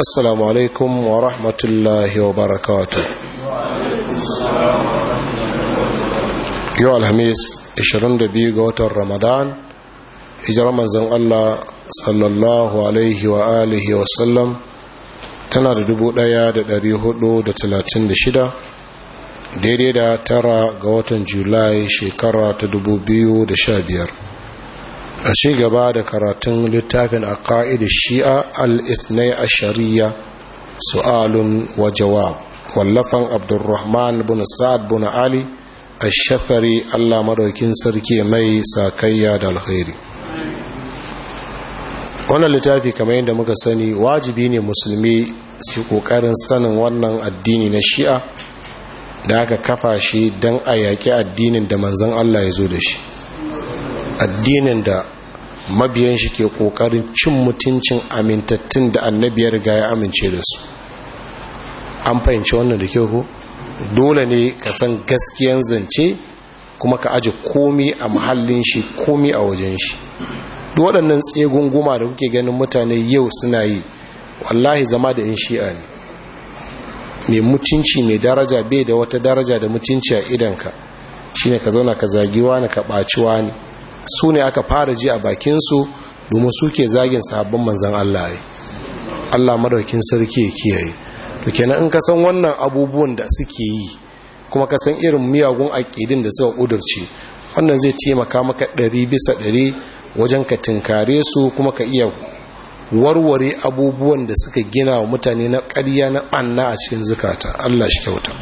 السلام عليكم ورحمة الله وبركاته يو الهميس 22 قوة رمضان هجر رمضان الله صلى الله عليه وآله وسلم tana da dubu ɗaya da ɗari hudu da talatin da shida daidai da tara ga watan julai shekara ta dubu biyu da sha biyar a shi gaba da karatun littafin a ƙa'idar shi'a al-isnai a shari'a su'alun wa jawab wallafan abdurrahman bin sa'ad bin ali a shafari allah maraukin sarki mai sakayya da alkhairi wannan littafi kamar yadda muka sani wajibi ne musulmi su kokarin sanin wannan addini na shi'a da aka kafa shi don a yaƙi addinin da manzan allah ya zo da shi addinin da mabiyan shi ke kokarin cin mutuncin amintattun da annabiyar ya riga ya amince da su an fahimci wannan da kyau ko dole ne ka san gaskiyan zance kuma ka aji komi a mahallin shi komi a wajen shi duk waɗannan tsegunguma da kuke ganin mutane yau suna yi wallahi zama da 'yan shi'a ne mai mutunci mai daraja bai da wata daraja da mutunci a idanka shine ka zauna ka zagiwa ne ka ɓaciwa ne su ne aka fara ji a bakinsu domin su ke zagin sabon manzan Allah ya Allah madaukin sarki ya kiyaye to kenan in ka san wannan abubuwan da suke yi kuma ka san irin miyagun aƙidin da suka ƙudurce wannan zai taimaka maka ɗari bisa ɗari wajen ka tinkare su kuma ka iya warware abubuwan da suka gina wa mutane na ƙarya na ɓanna a cikin zukata Allah shi kyauta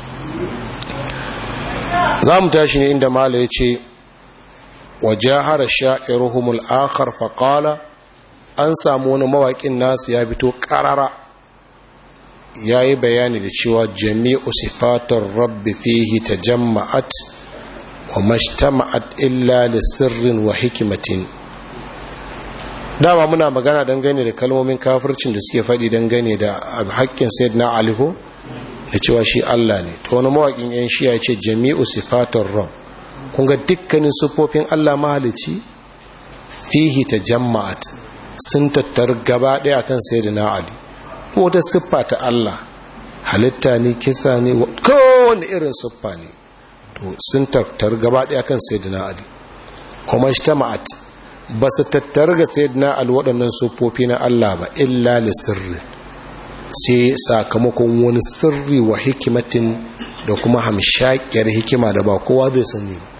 za mu tashi ne inda mala ya ce wa jahara sha'iruhum al-akhar fa an samu wani mawakin nasu ya fito ya yi bayani da cewa jami'u sifatar rabbi fihi tajamma'at wa mashtama'at illa li sirrin wa hikimatin dama muna magana dangane da kalmomin kafircin da suke faɗi dangane da haƙƙin sayyidina ali ko da cewa shi Allah ne to wani mawaƙin yan shi ya ce jami'u sifatar rabb kun ga dukkanin sufofin Allah mahalici fihi ta jama'at sun tattar gaba ɗaya kan sai da na'adi ko ta siffa ta Allah halitta ne kisa ne kowane irin siffa ne to sun tattar gaba ɗaya kan sai da na'adi kuma shi ta ma'at ba su tattar ga sai da waɗannan sufofi na Allah ba illa da sirri sai sakamakon wani sirri wa hikimatin da kuma hamshakiyar hikima da ba kowa zai sani ba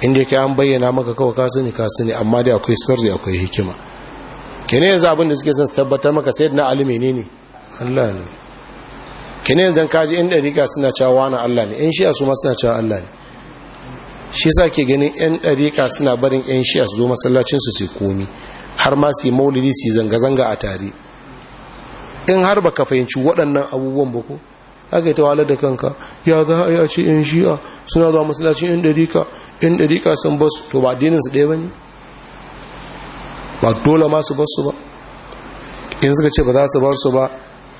inda kai an bayyana maka kawai ka sani ka sani amma dai akwai sirri akwai hikima kene yanzu abin da suke son su tabbatar maka alimi ne ne Allah ne kene yanzu kaji inda dariƙa suna cewa wani Allah ne in shi'a su ma suna cewa Allah ne shi sa ke ganin yan dariƙa suna barin yan shi'a su zo masallacin su su komi har ma su maulidi su zanga zanga a tare in har baka fahimci waɗannan abubuwan ba ko haka yi ta wahalar da kanka ya za a yi a ce yan shi'a suna zuwa masallacin yan dariƙa yan dariƙa sun su to ba dinin su ɗaya ba ne ba dole ma su su ba in suka ce ba za su ba su ba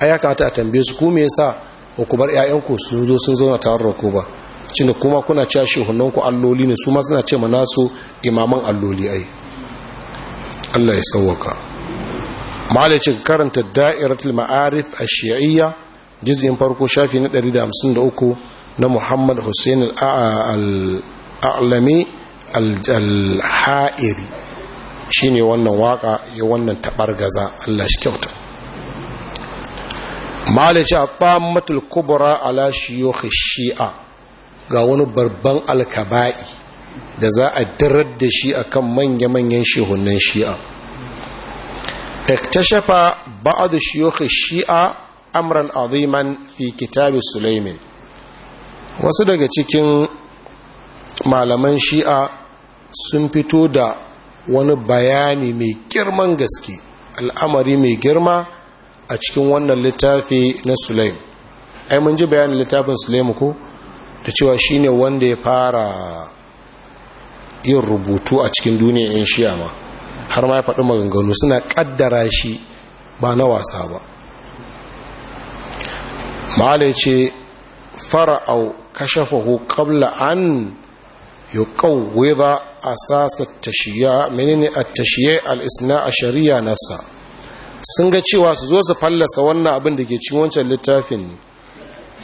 a ya ta a tambaye su kuma me yasa ba ku bar ƴaƴanku su zo sun zauna tare da ku ba cinda kuma kuna cewa shehunan ku alloli ne su ma suna ce mana su imaman alloli ai Allah ya sauwaka malai karanta da'iratul ma'arif a shi'iyya juz'in farko shafi na 153 na Muhammad Hussein alalami alami al-Ha'iri shine wannan waka ya wannan tabar gaza Allah shi kyauta malice a tammatul kubra ala shuyukh shia ga wani barban alkaba'i da za a dirar da shi a kan manya-manyan shehunan shi'a اكتشف بعض شيوخ shi'a. amran aziman fi kitabi sulaimin wasu daga cikin malaman shi'a sun fito da wani bayani mai girman gaske al'amari mai girma a cikin wannan littafi na sulaim ai mun ji bayanin littafin sulaim ko da cewa shine wanda ya fara yin rubutu a cikin duniya 'yan shi'a ma har ma ya faɗi maganganu suna ƙaddara shi ba na wasa ba malai ce fara'au kashafahu qabla an yuqawwida a sasa tashiya menene a tashiya al'isna a sharia nasa sun ga cewa su zo su fallasa wannan abin da ke cin wancan littafin ne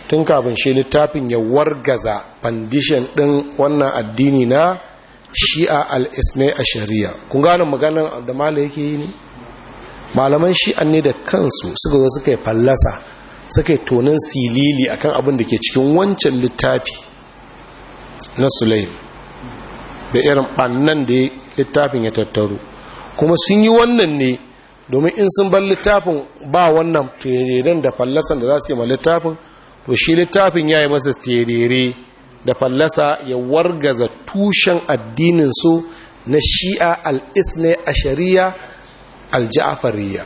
tun kafin shi littafin ya wargaza foundation din wannan addini na shi'a al'isna a sharia kun gane maganan da malai yake yi ne malaman shi'an ne da kansu suka zo suka yi fallasa suka yi tonin silili akan abin da ke cikin wancan littafi na sulaim da irin ɓannan da littafin ya tattaro kuma sun yi wannan ne domin in sun bar littafin ba wannan tereren da fallasan da za su yi ma littafin to shi littafin ya yi masa terere da fallasa ya wargaza tushen addininsu na shi'a al'isne a shari'a al-ja'afariya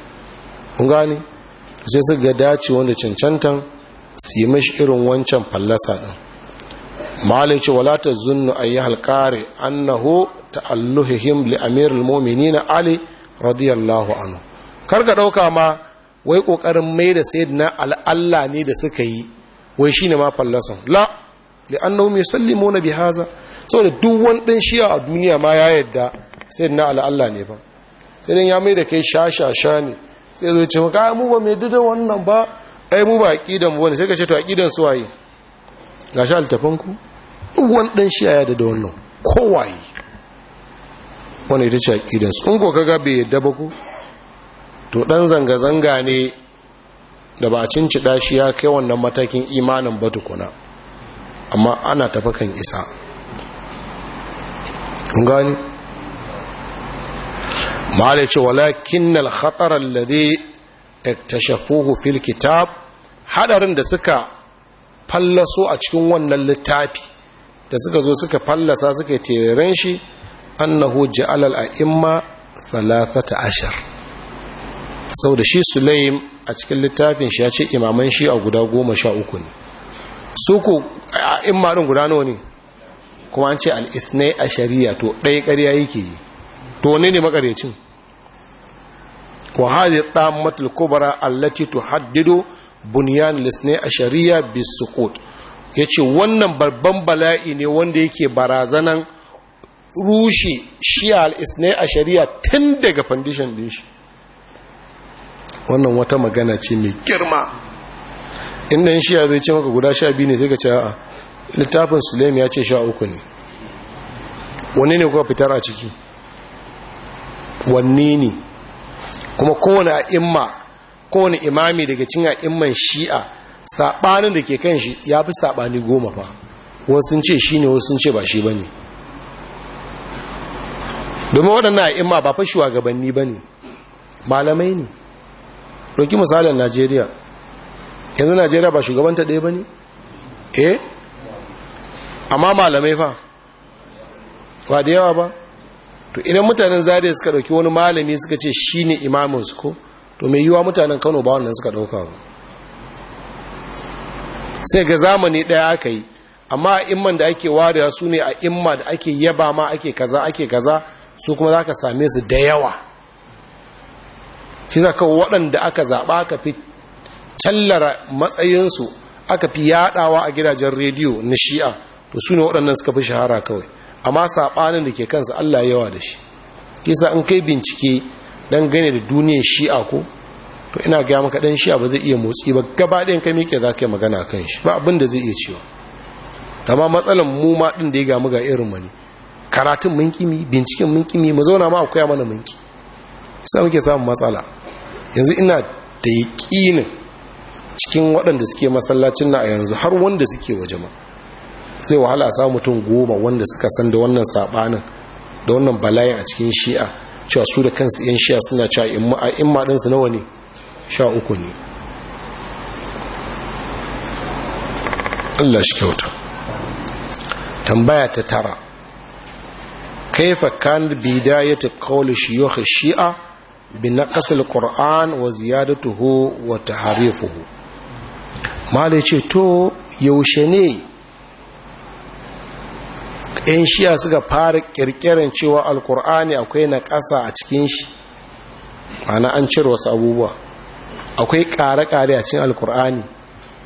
kun sai su ga dace wanda cancantan su yi mashi irin wancan fallasa ɗin malai ce wala ta zunnu a yi halkare annahu ta'alluhihim li amirul na ali radiyallahu anhu kar ka ɗauka ma wai ƙoƙarin mai da na al'alla ne da suka yi wai shine ma fallasan la na bi haza? saboda duk wani ɗan shiya a duniya ma ya yadda na al'alla ne ba sai dai ya mai da kai shashasha ne sai zai ce maka mu ba mai dida wannan ba ai mu ba aqidan mu bane sai ka ce to aqidan su waye gashi altafan ku duk wani dan shi ya da wannan kowaye wani ita ce aqidan su in ko kaga bai yadda ba ku to dan zanga zanga ne da ba a cincida shi ya kai wannan matakin imanin ba tukuna amma ana tafakan isa gani ma'ala ce walakin al-khatar alladhi iktashafuhu fil kitab hadarin da suka fallaso a cikin wannan littafi da suka zo suka fallasa suka yi shi annahu ja'al al-a'imma thalathata ashar sau da shi sulaim a cikin littafin shi ya ce imaman shi a guda goma sha uku ne su ku a'imma din guda nawa ne kuma an ce al-isnai ashariya to ɗaya ƙarya yake yi to ne ne makaryacin wa hadhihi tammatul kubra allati tuhaddidu bunyan lisne a shari'a bisukut yace wannan babban bala'i ne wanda yake barazanan rushe shi'a al-isne a shari'a tun daga foundation din wannan wata magana ce mai girma inda yin shi'a zai ce maka guda sha biyu ne sai ka ce a littafin sulaim ya ce sha uku ne wanne ne kuka fitar a ciki wanne ne kuma kowane imma kowane imami daga cin imman shi'a saɓanin da ke kan shi ya fi saɓani goma fa wasu ce shi ne wasu ce ba shi ba ne domin waɗannan imma ba fa gabanni ba ne malamai ne ɗauki misalin najeriya yanzu najeriya ba shugabanta ɗaya ba ne eh amma malamai fa ba da yawa ba to idan mutanen zariya suka dauki wani malami suka ce shi ne imaminsu ko to mai yiwa mutanen Kano ba wannan suka dauka ba sai ga zamani daya aka yi amma imman da ake ware su ne a imma da ake yaba ma ake kaza ake kaza su kuma za ka same su da yawa shi zaka waɗanda aka zaɓa aka fi tallara matsayinsu aka fi yaɗawa a gidajen rediyo na shi'a to su ne waɗannan suka fi shahara kawai amma saɓanin da ke kansa Allah yawa da shi kisa in kai bincike dan gane da duniyar shi'a ko to ina gaya maka dan shi'a ba zai iya motsi ba gaba ɗayan kai miƙe za ka yi magana kan shi ba abin da zai iya cewa amma matsalan mu ma ɗin da ya gamu ga irin mani karatun mun kimi binciken mun kimi mu zauna ma akwai mana mun ki sai muke samun matsala yanzu ina da yaƙinin cikin waɗanda suke masallacin na a yanzu har wanda suke waje ma zai wahala a samu mutum goma wanda suka san da wannan sabanin da wannan bala'in a cikin shi'a cewa su da kansu yan shi'a suna cewa imma su nawa ne sha uku ne Allah shi kyauta tambaya ta tara kaifa kan bidayatu qawli shuyukh shi'a bi naqs al-qur'an wa ziyadatuhu wa tahrifuhu malai ce to yaushe ne yan shiya suka fara kirkiran cewa alkur'ani akwai na ƙasa a cikin shi mana an cire wasu abubuwa akwai ƙare-ƙare a cikin alkur'ani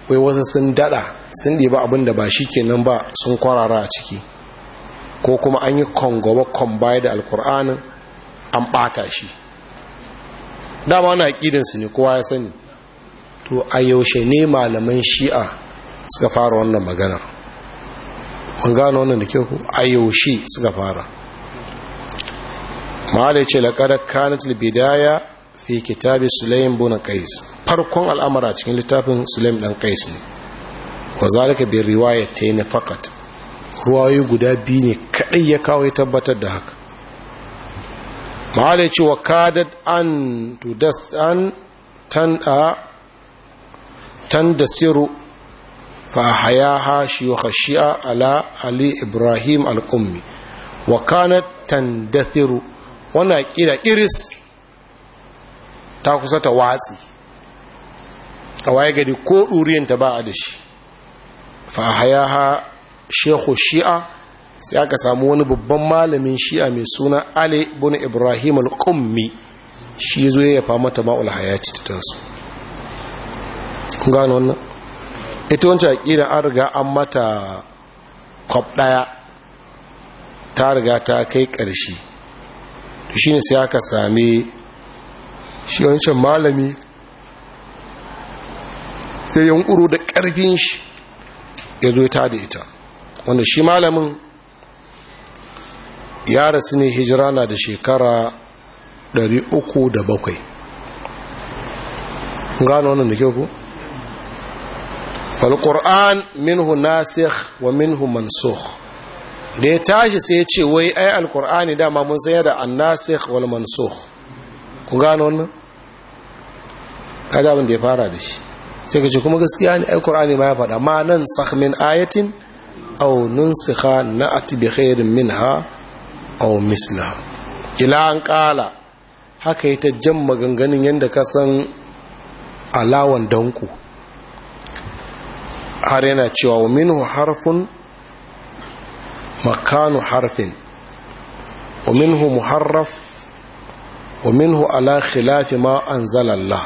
wai wasu sun dada sun ɗiba abin da ba shi kenan ba sun kwarara a ciki ko kuma an yi kongowa baya da alkur'anin an ɓata shi dama wani aƙidinsu ne kowa ya sani to a yaushe ne malaman shi'a suka fara wannan maganar mun gano wannan da kyau a yaushe suka fara malai ce laƙarar kanatul bidaya fi kitabi sulaim bin qais farkon al'amara cikin littafin sulaim dan qais ne wa zalika bi riwayatayn faqat ruwayoyi guda biyu ne kaɗai ya kawo ya tabbatar da haka malai ce wa kadat an tudas an tan a tan da فأحياها شيوخ الشيعة على علي إبراهيم الأمي وكانت تندثر وانا إلى إرس تاكسة تواتي أوايقا دي كو أورين تباع دش فأحياها شيخ الشيعة sai سامون ببما لمن babban من shi'a علي بن إبراهيم bin ibrahim al-qummi shi zo ya fa mata ita wancan akira an riga an mata kwab ɗaya ta riga ta kai ƙarshe shi ne sai aka sami shi wancan malami ya yankuru da ƙarfin shi ya zo ta da ita wanda shi malamin ya rasu ne hijira na da shekara 307 gano wannan da kyau ku? falƙur'an minhu nasikh wa minhu mansukh da ya tashi sai ya ce wai ai alƙur'ani dama mun sanya da annasikh wal mansukh ku gano wannan kaga abin da ya fara da shi sai ka ce kuma gaskiya ne alƙur'ani ma ya faɗa ma nan sakh min ayatin aw nunsikha na'ti bi khairin minha aw misla ila an qala haka ita jan maganganun yanda ka san alawan danku har yana cewa wa minhu harfun makanu harfin wa minhu muharraf wa minhu ala khilafi ma anzalallah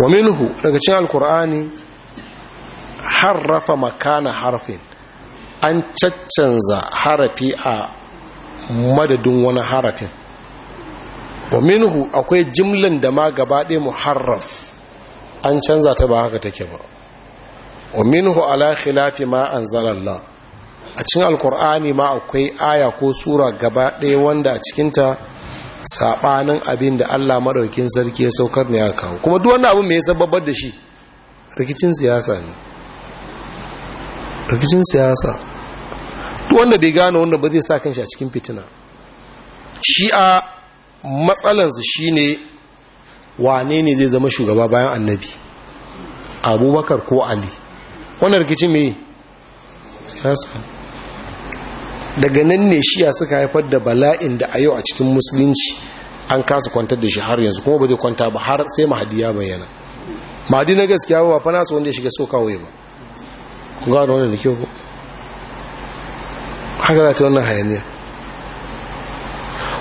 wa minhu daga cikin alkur'ani harrafa makana harfin an caccanza harafi a madadin wani harafin wa minhu akwai jimlan da ma gaba ɗaya muharraf an canza ta ba haka take ba wa minhu ala khilafi ma anzalallah a cikin alkur'ani ma akwai aya ko sura gaba ɗaya wanda a cikinta saɓanin abin da allah maɗaukin sarki ya saukar ne ya kawo kuma duk wani abin mai sababbar da shi rikicin siyasa ne rikicin siyasa duk wanda bai gane wanda ba zai sa kanshi a cikin fitina shi'a matsalansu shine wane ne zai zama shugaba bayan annabi abubakar ko ali wani rikici mai daga nan ne shiya suka haifar da bala'in da a yau a cikin musulunci an kasa kwantar da shi har yanzu kuma ba zai kwanta ba har sai mahadi ya bayyana mahadi na gaskiya ba fa nasu wanda ya shiga so kawai ba ku gano wannan da kyau ko haka za ta wannan hayaniya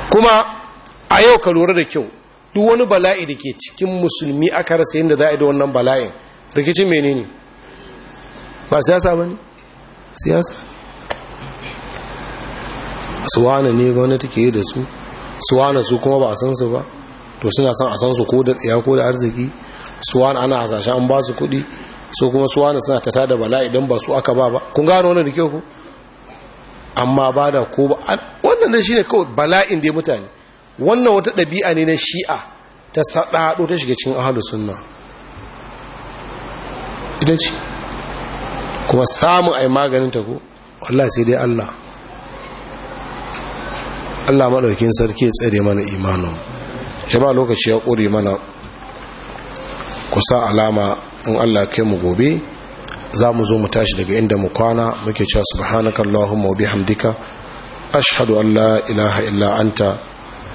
kuma a yau ka lura da kyau duk wani bala'i da ke cikin musulmi aka rasa yadda za a yi da wannan bala'in rikicin menene ba siyasa ba ne siyasa suwana ne gwamnati ke yi da su suwana su kuma ba a san su ba to suna san a san su ko da tsaye ko da arziki suwana ana hasashen an ba su kuɗi su kuma suwana suna ta tada bala'i don ba su aka ba ba kun gano wannan da kyau ku amma ba da ko ba wannan shi ne kawai bala'in da mutane wannan wata ɗabi'a ne na shi'a ta saɗaɗo ta shiga cikin ahalu sunna ita ce kuma samun a yi maganin ta ko sai dai allah allah maɗaukin sarki ya tsere mana imanin ba lokaci ya ƙure mana kusa alama in allah kai mu gobe za mu zo mu tashi daga inda mu kwana muke cewa subhanakallahumma wa Hamdika? ashhadu an la ilaha illa anta